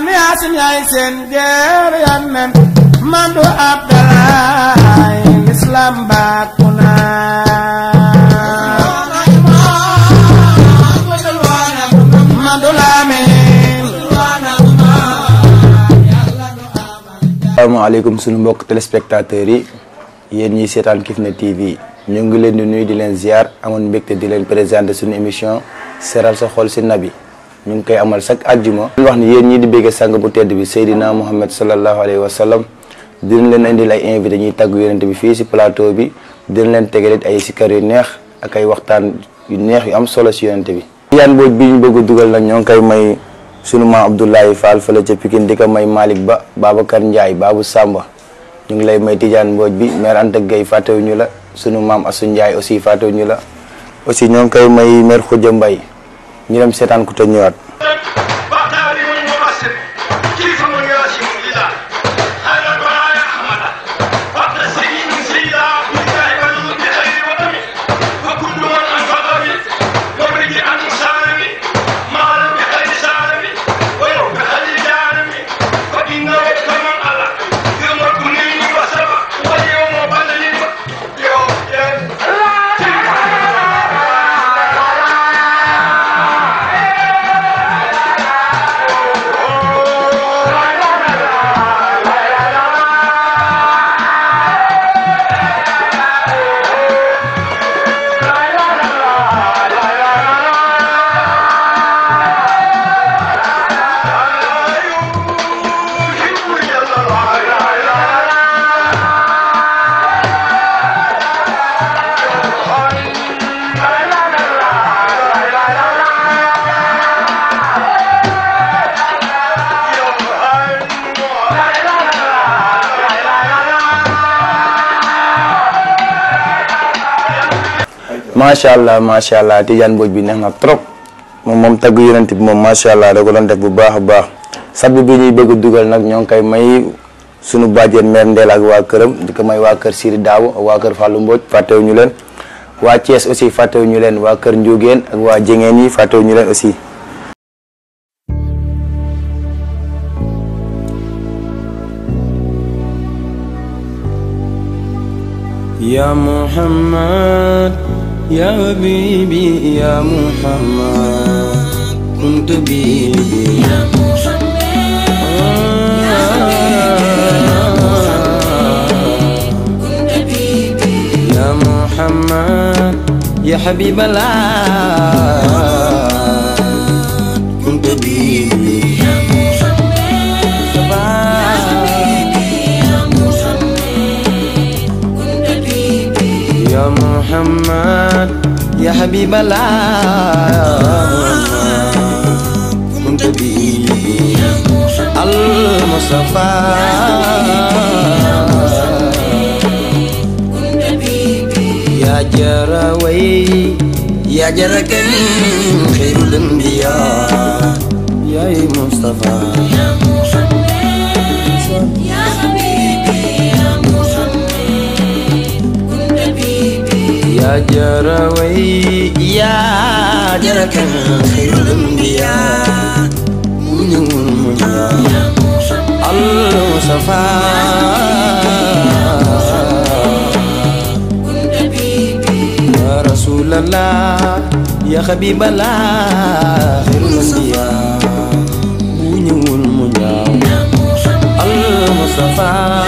man yaasin yaay seen geer yannen man du abdalaay lislaam bàkku naa man du laamin asalaamaaleykum sunu mbokk téléspectateurs yi yéen ñiy seetaan Kifne TV ñu ngi leen di nuyu di leen ziar amoon mbégte di leen présenté suñu émission seral sa xol si nabi ñu ngi koy amal sak aljuma ñu wax ni yeen ñi di bëgg sang bu tedd bi Seydina muhammad sallallahu Alaihi Wasallam. dinañ leen indi lay invité ñi taggu yonente bi fi ci plateau bi dinañ leen tégalé ay sikar yu neex ak ay waxtaan yu neex yu am solo ci yonente bi yaan booj bi ñu bëgg duggal nak ñong kay may sunu ma abdullah Fall fële ca Pikine di may Malik Ba Babacar ndjay babu Samba ñu ngi lay may Tidiane boj bi mère ante gay fàttewu ñu la sunu mam Assou ndjay aussi fàttewu ñu la aussi ñong kay may mère Mbaye ñu dem seetaan ko te ñëwaat. Masyaallah, allah di allah Tidiane bi neex na trop mom mom tagu yonent mom masyaallah, allah da ko don def bu baax baax sabbi bi bëgg dugal nak ñong kay may sunu baaje mer ndel ak wa kërëm di ko may wa kër Siri Daaw wa kër Fallou faté wu ñu len wa Thiès aussi wu ñu len wa kër ak wa yi wu ñu len aussi Ya Muhammad يا حبيبي يا محمد كنت بيدي يا محمد حبيبي يا محمد يا حبيب الله يا حبيب الله كنت بي المصطفى يا جراوي يا جراكين خير الانبياء يا مصطفى يا مصطفى يا جروي يا جرك خير الانبياء المصطفى يا رسول الله يا حبيب الله خير الانبياء ونيون المصطفى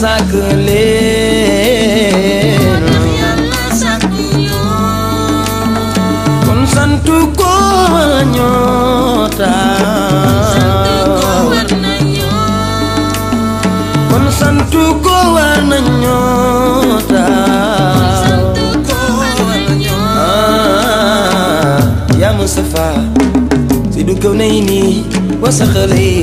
sàkk leen kon santu ko santu ko war na yaa Mustafa si du kaw nay nii wasaxale yi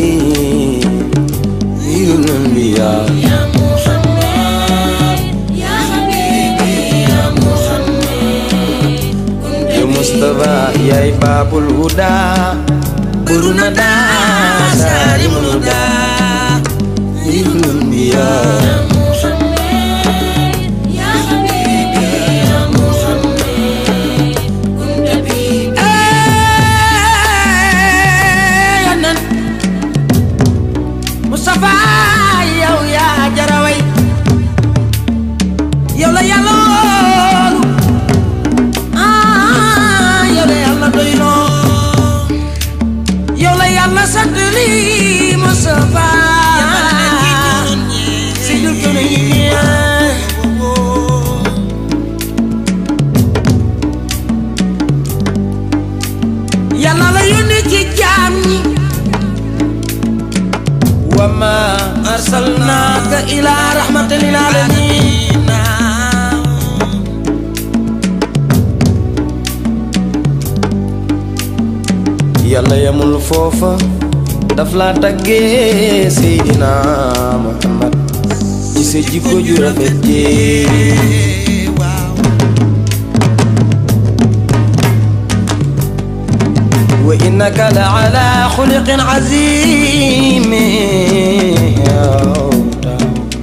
Mustafa yaay baabul huda burul ma daa saari mu daa lil anbiyaa سقني مصطفى سيدتني يلا وما أرسلناك إلى رحمة للعالمين يلا يا مول فوفا daf laa taggee Seydina Muhammad ci sa jikko ju rafet ji وإنك لعلى خلق عظيم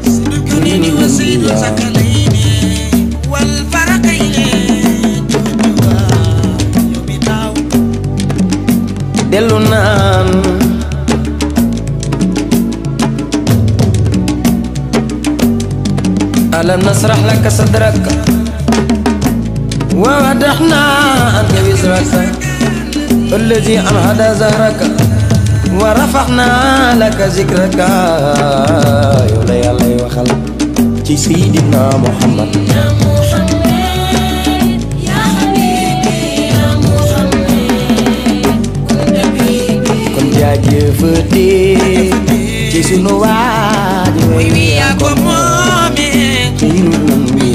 سلكني وسيد سكليني والفرق دلو نان ألم نسرح لك صدرك ووضحنا أنت وزرك الذي أنهض زهرك ورفعنا لك ذكرك يا لي وخلق وخل سيدنا محمد يا محمد يا حبيبي يا محمد كن حبيبي كن جاجي فتي ci sunu waaji wi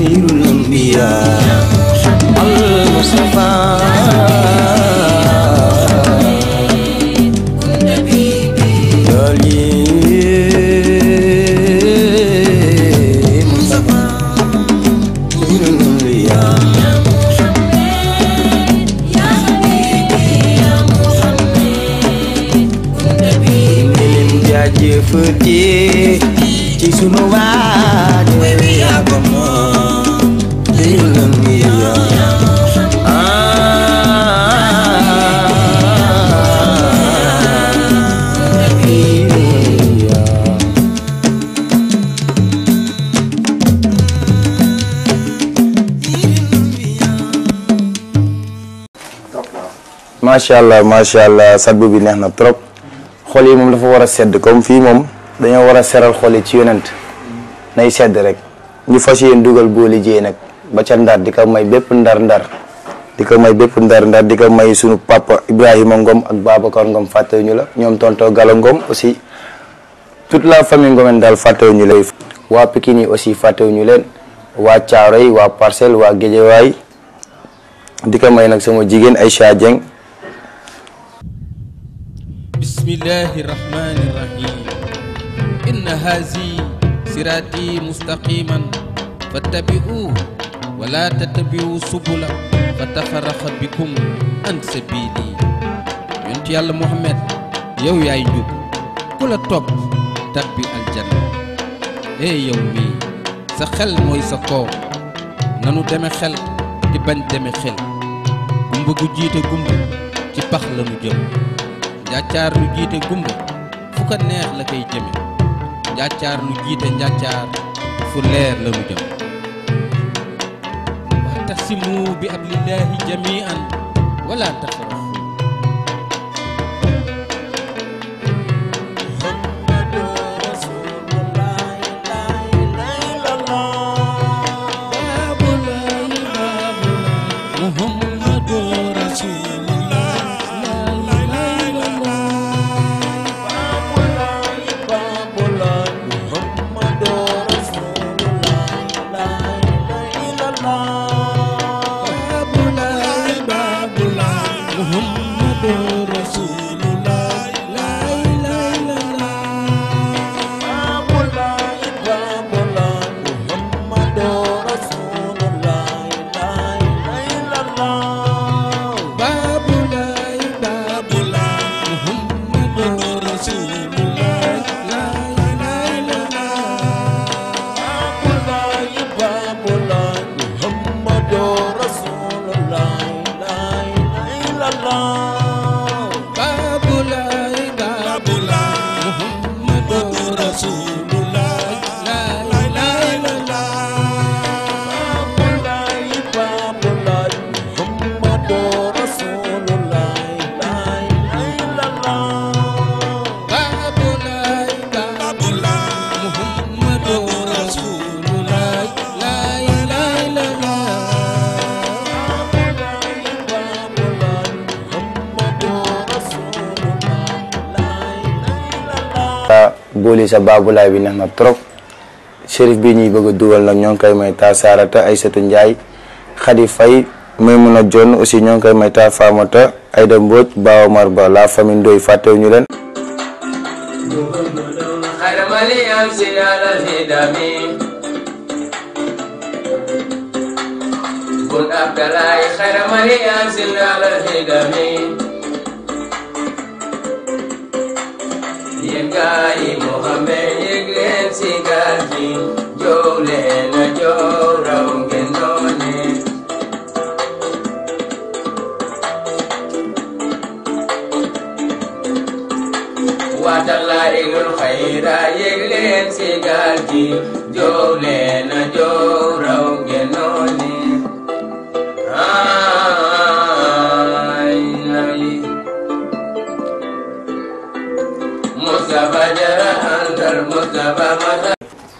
خير الأنبياء المصطفى Fudge, Jesus no why we are come on. Masyaallah, allah macha allah bi na trop xol mom dafa wara sedd comme fii mom dañu wara seral xol ci yonent nay sedd rek ñu fas yéen dugal booli jéey nag ba ca ndar dika may bépp ndar-ndar dika may bépp ndar-ndar dika may suñu papa Ibrahima Ngom ak Babacar Ngom ñu la ñom tonto Galo Ngom aussi toute la famille Ngomen dal faté ñu lay wa pikini aussi fàttewuñu leen wa Thiaroye wa Parcelles waa Guédiawaye dika may nak sama jigen aisha jeng الله الرحمن الرحيم إن هذه سراتي مستقيما فاتبعوه ولا تتبعوا سبلا فتفرخ بكم عن سبيلي يونت يالله محمد يو ياي جوب كولا توب تبي الجنة اي يومي سا خل موي سا نانو ديمي خل تبان بان خل كمبو جيتو كمبو تي باخ njàccaar nu jiite gumba fu ko neex la koy jëme njàccaar nu jiite njàccaar fu leer la nu jëm wa taxsimu bi ablillahi jamian wala taxsimu boole sa baabulaay bi neex na trop cherif bi ñi bëgg duwal nak ñong kay ngi koy may ta Sarata Aysatu Njaay Xadi Fay Maymuna jonne aussi ñong kay koy may taa Faamata Ayda Mbóoj ba omar Ba la famille Ndoy fàttewu ñu len kun abdalay khair mali ansil ala hidamin gaay Muhammad yëg leen si gaal gi joow leen a joow raw ngeen noone waatallaa igul xayra yëg leen si gaal gi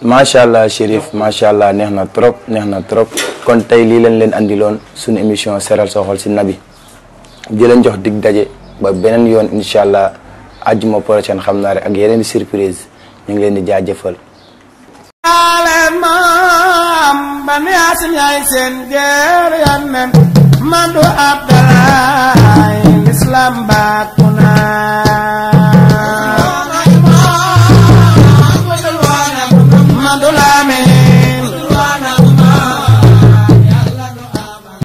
macha allah Chérif macha allah neex trop nehna trop kon tay li lii leen andi lon suñu émission seral so xol ci nabi di leen jox dig dajé ba benen yoon inshallah aljuma prochaine xamna rek ak yeneen surprise ñu ngi leen di jaajëfal. mandu Abdallah Islam Bakuna